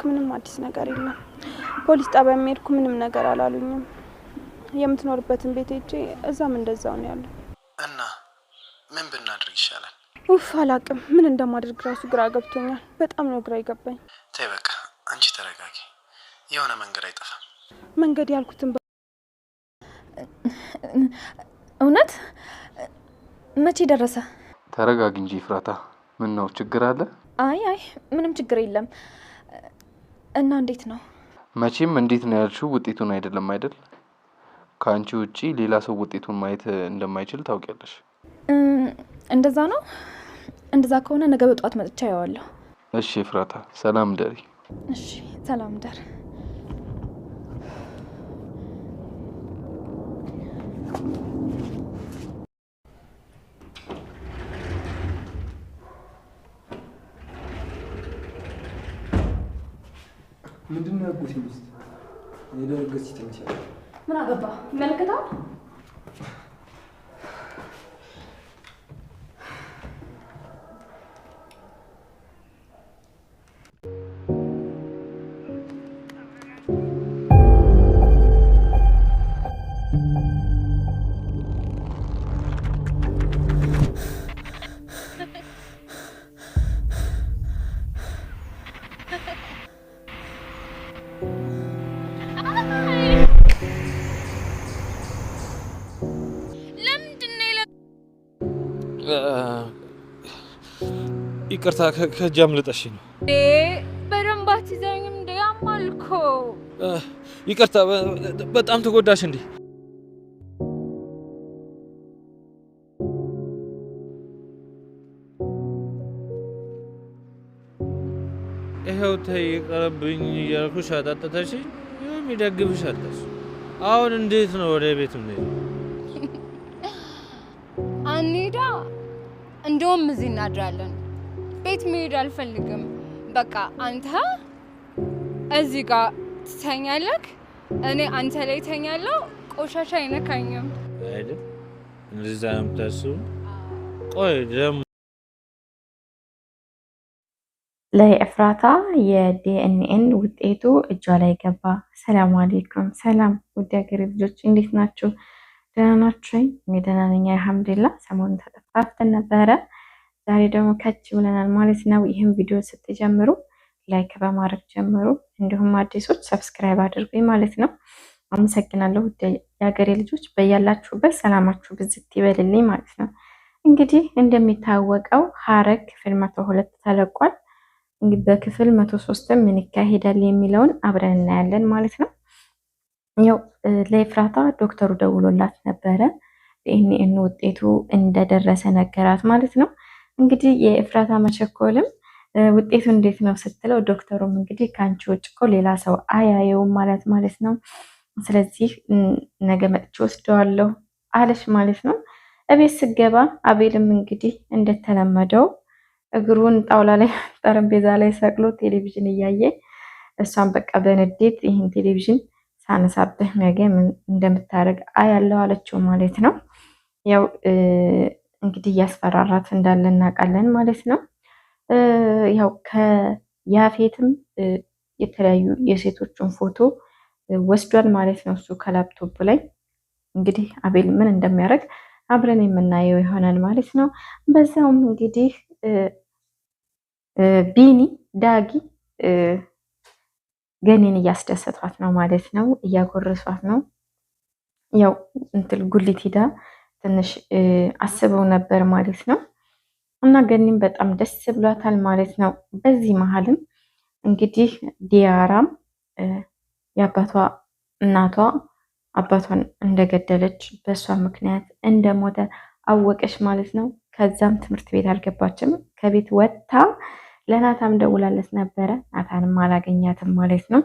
ካልክ ምንም አዲስ ነገር የለም። ፖሊስ ጣቢያ የሚሄድኩ ምንም ነገር አላሉኝም። የምትኖርበትን ቤት ሄጄ እዛም እንደዛው ነው ያለው። እና ምን ብናድርግ ይሻላል? ውፍ አላቅም፣ ምን እንደማድርግ ራሱ ግራ ገብቶኛል። በጣም ነው ግራ ይገባኝ። ተይ በቃ አንቺ ተረጋጊ፣ የሆነ መንገድ አይጠፋም። መንገድ ያልኩትን እውነት መቼ ደረሰ? ተረጋጊ እንጂ ፍራታ፣ ምን ነው ችግር አለ? አይ አይ ምንም ችግር የለም። እና እንዴት ነው? መቼም እንዴት ነው ያልሽው ውጤቱን አይደለም አይደል? ከአንቺ ውጪ ሌላ ሰው ውጤቱን ማየት እንደማይችል ታውቂያለሽ። እንደዛ ነው። እንደዛ ከሆነ ነገ በጠዋት መጥቻ ያዋለሁ። እሺ ፍራታ፣ ሰላም ደሪ። እሺ ሰላም ደር። ምንድን ነው ያልኩት? ሚስት የደረገች ምን አገባ ይመለከታል ይቅርታ ከእጅ አምልጠሽ ነው። በደንባት ይዘኝም እንደ አማልኮ። ይቅርታ፣ በጣም ተጎዳሽ እንዴ? ይኸው ተይ ይቅርብኝ እያልኩሽ አጣጥተሽኝ የሚደግፍሽ አለሽ። አሁን እንዴት ነው ወደ ቤት ምንሄ እንደውም እዚህ እናድራለን። ቤት መሄድ አልፈልግም። በቃ አንተ እዚህ ጋር ትተኛለህ፣ እኔ አንተ ላይ ተኛለሁ። ቆሻሻ አይነካኝም። አይደል? እንደዛ ነው የምታስቡ? ቆይ ደግሞ ለኤፍራታ የዲኤንኤን ውጤቱ እጇ ላይ ገባ። ሰላም አሌይኩም። ሰላም ውድ ሀገሬ ልጆች እንዴት ናችሁ? ደህና ናችሁ? እኔ ደህና ነኝ አልሐምዱሊላህ። ሰሞኑን ተጠፋፍተን ነበረ። ዛሬ ደግሞ ከች ብለናል ማለት ነው። ይህም ቪዲዮ ስትጀምሩ ላይክ በማድረግ ጀምሩ፣ እንዲሁም አዲሶች ሰብስክራይብ አድርጉኝ ማለት ነው። አመሰግናለሁ። የሀገሬ ልጆች በያላችሁበት ሰላማችሁ ብዝት ይበልልኝ ማለት ነው። እንግዲህ እንደሚታወቀው ሀረግ ክፍል መቶ ሁለት ተለቋል። እንግዲህ በክፍል መቶ ሶስትም ምን ይካሄዳል የሚለውን አብረን እናያለን ማለት ነው። ያው ለኤፍራታ ዶክተሩ ደውሎላት ነበረ። ዲኤንኤ ውጤቱ እንደደረሰ ነገራት ማለት ነው። እንግዲህ የኤፍራታ መቸኮልም ውጤቱ እንዴት ነው ስትለው፣ ዶክተሩም እንግዲህ ከአንቺ ውጭ እኮ ሌላ ሰው አያየውም ማለት ማለት ነው። ስለዚህ ነገ መጥቼ ወስደዋለሁ አለች ማለት ነው። እቤት ስገባ አቤልም እንግዲህ እንደተለመደው እግሩን ጣውላ ላይ ጠረጴዛ ላይ ሰቅሎ ቴሌቪዥን እያየ እሷን በቃ በንዴት ይህን ቴሌቪዥን ሳነሳብህ ነገ ምን እንደምታደርግ አያለው አለችው ማለት ነው ያው እንግዲህ እያስፈራራት እንዳለ እናውቃለን ማለት ነው። ያው ከያፌትም የተለያዩ የሴቶችን ፎቶ ወስዷል ማለት ነው እሱ ከላፕቶፕ ላይ እንግዲህ አቤል ምን እንደሚያደርግ አብረን የምናየው ይሆናል ማለት ነው። በዛውም እንግዲህ ቢኒ ዳጊ ገኔን እያስደሰቷት ነው ማለት ነው። እያጎረሷት ነው። ያው እንትል ጉሊት ሂዳ ትንሽ አስበው ነበር ማለት ነው። እና ገኒም በጣም ደስ ብሏታል ማለት ነው። በዚህ መሀልም እንግዲህ ዲያራም የአባቷ እናቷ አባቷን እንደገደለች በእሷ ምክንያት እንደሞተ አወቀች ማለት ነው። ከዛም ትምህርት ቤት አልገባችም። ከቤት ወጥታ ለናታም ደውላለት ነበረ። ናታንም አላገኛትም ማለት ነው።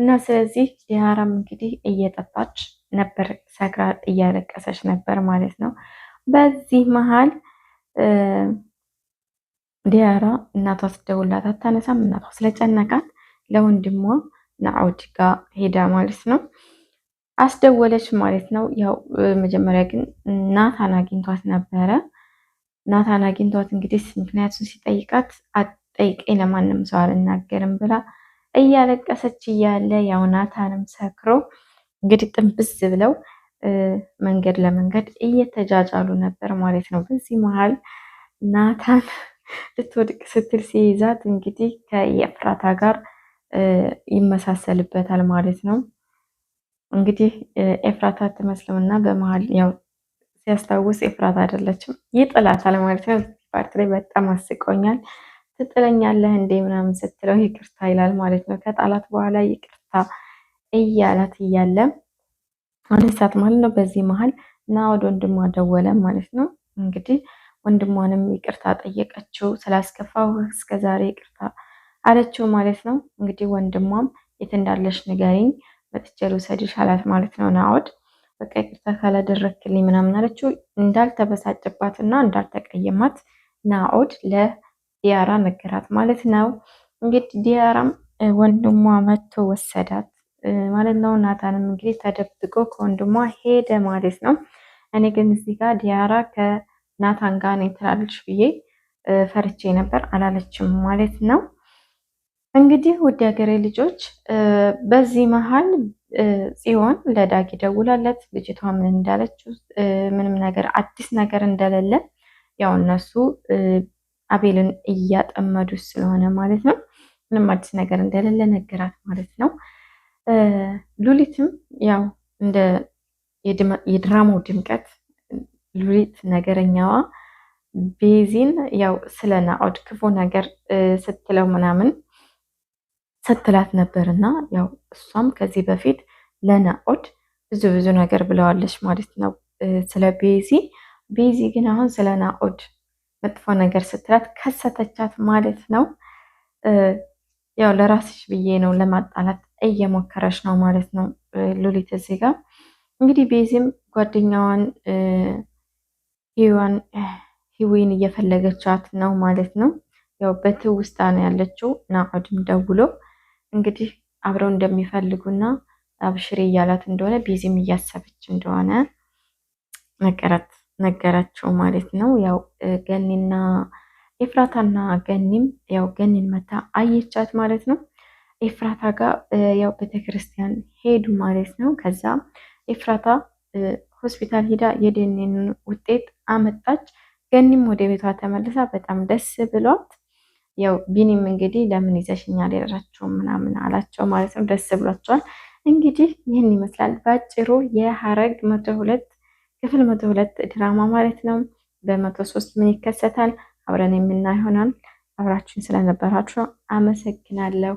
እና ስለዚህ ዲያራም እንግዲህ እየጠጣች ነበር ሰክራ እያለቀሰች ነበር ማለት ነው። በዚህ መሀል ዲያራ እናቷ ስደውላት አታነሳም። እናቷ ስለጨነቃት ለወንድሟ ናዖድ ጋ ሄዳ ማለት ነው አስደወለች ማለት ነው። ያው መጀመሪያ ግን ናታን አግኝቷት ነበረ። ናታን አግኝቷት እንግዲህ ምክንያቱን ሲጠይቃት አጠይቀኝ ለማንም ሰው አልናገርም ብላ እያለቀሰች እያለ ያው ናታንም ሰክሮ እንግዲህ ጥንብስ ብለው መንገድ ለመንገድ እየተጃጃሉ ነበር ማለት ነው። በዚህ መሀል ናታን ልትወድቅ ስትል ሲይዛት እንግዲህ ከየፍራታ ጋር ይመሳሰልበታል ማለት ነው። እንግዲህ ኤፍራታ እና በመሀል ያው ሲያስታውስ ኤፍራታ አይደለችም ይጥላታል ማለት ነው። ፓርት ላይ በጣም አስቆኛል። ትጥለኛለህ እንዴ ምናምን ስትለው ይቅርታ ይላል ማለት ነው። ከጣላት በኋላ ይቅርታ እያላት እያለ አነሳት ማለት ነው። በዚህ መሀል እና ወደ ወንድሟ ደወለ ማለት ነው። እንግዲህ ወንድሟንም ይቅርታ ጠየቀችው፣ ስላስከፋው እስከዛሬ ይቅርታ አለችው ማለት ነው። እንግዲህ ወንድሟም የት እንዳለሽ ንገሪኝ መጥቼ ልውሰድሽ አላት ማለት ነው። ናኦድ በቃ ይቅርታ ካላደረክልኝ ምናምን አለችው። እንዳልተበሳጭባት እና እንዳልተቀየማት ናኦድ ለዲያራ ነገራት ማለት ነው። እንግዲህ ዲያራም ወንድሟ መጥቶ ወሰዳት ማለት ነው። ናታንም እንግዲህ ተደብቆ ከወንድሟ ሄደ ማለት ነው። እኔ ግን እዚህ ጋር ዲያራ ከናታን ጋር ነው ትላለች ብዬ ፈርቼ ነበር። አላለችም ማለት ነው። እንግዲህ ውድ ሀገሬ ልጆች በዚህ መሀል ጽዮን ለዳጊ ደውላለት ልጅቷ ምን እንዳለችው ምንም ነገር አዲስ ነገር እንደሌለ ያው እነሱ አቤልን እያጠመዱ ስለሆነ ማለት ነው ምንም አዲስ ነገር እንደሌለ ነገራት ማለት ነው። ሉሊትም ያው እንደ የድራማው ድምቀት ሉሊት ነገረኛዋ ቤዚን ያው ስለ ናኦድ ክፉ ነገር ስትለው ምናምን ስትላት እና ያው እሷም ከዚህ በፊት ለናኦድ ብዙ ብዙ ነገር ብለዋለች ማለት ነው ስለ ቤዚ። ቤዚ ግን አሁን ስለ ናኦድ መጥፎ ነገር ስትላት ከሰተቻት ማለት ነው። ያው ለራስሽ ብዬ ነው ለማጣላት እየሞከረች ነው ማለት ነው ሉሊት እዚህ ጋር እንግዲህ ቤዚም ጓደኛዋን ህዋን ህዊን እየፈለገቻት ነው ማለት ነው። ያው በትውስታ ነው ያለችው። ናዑድም ደውሎ እንግዲህ አብረው እንደሚፈልጉና አብሽሬ እያላት እንደሆነ ቤዚም እያሰበች እንደሆነ ነገራት ነገራቸው ማለት ነው። ያው ገኒና ኤፍራታና ገኒም ያው ገኒን መታ አየቻት ማለት ነው። ኤፍራታ ጋር ያው ቤተክርስቲያን ሄዱ ማለት ነው። ከዛ ኤፍራታ ሆስፒታል ሂዳ የደኔን ውጤት አመጣች። ገኒም ወደ ቤቷ ተመልሳ በጣም ደስ ብሏት ያው ቢኒም እንግዲህ ለምን ይዘሽኛ ሌራቸው ምናምን አላቸው ማለት ነው። ደስ ብሏቸዋል። እንግዲህ ይህን ይመስላል በአጭሩ የሀረግ መቶ ሁለት ክፍል መቶ ሁለት ድራማ ማለት ነው። በመቶ ሶስት ምን ይከሰታል አብረን የምና ይሆናል። አብራችን ስለነበራችሁ አመሰግናለሁ።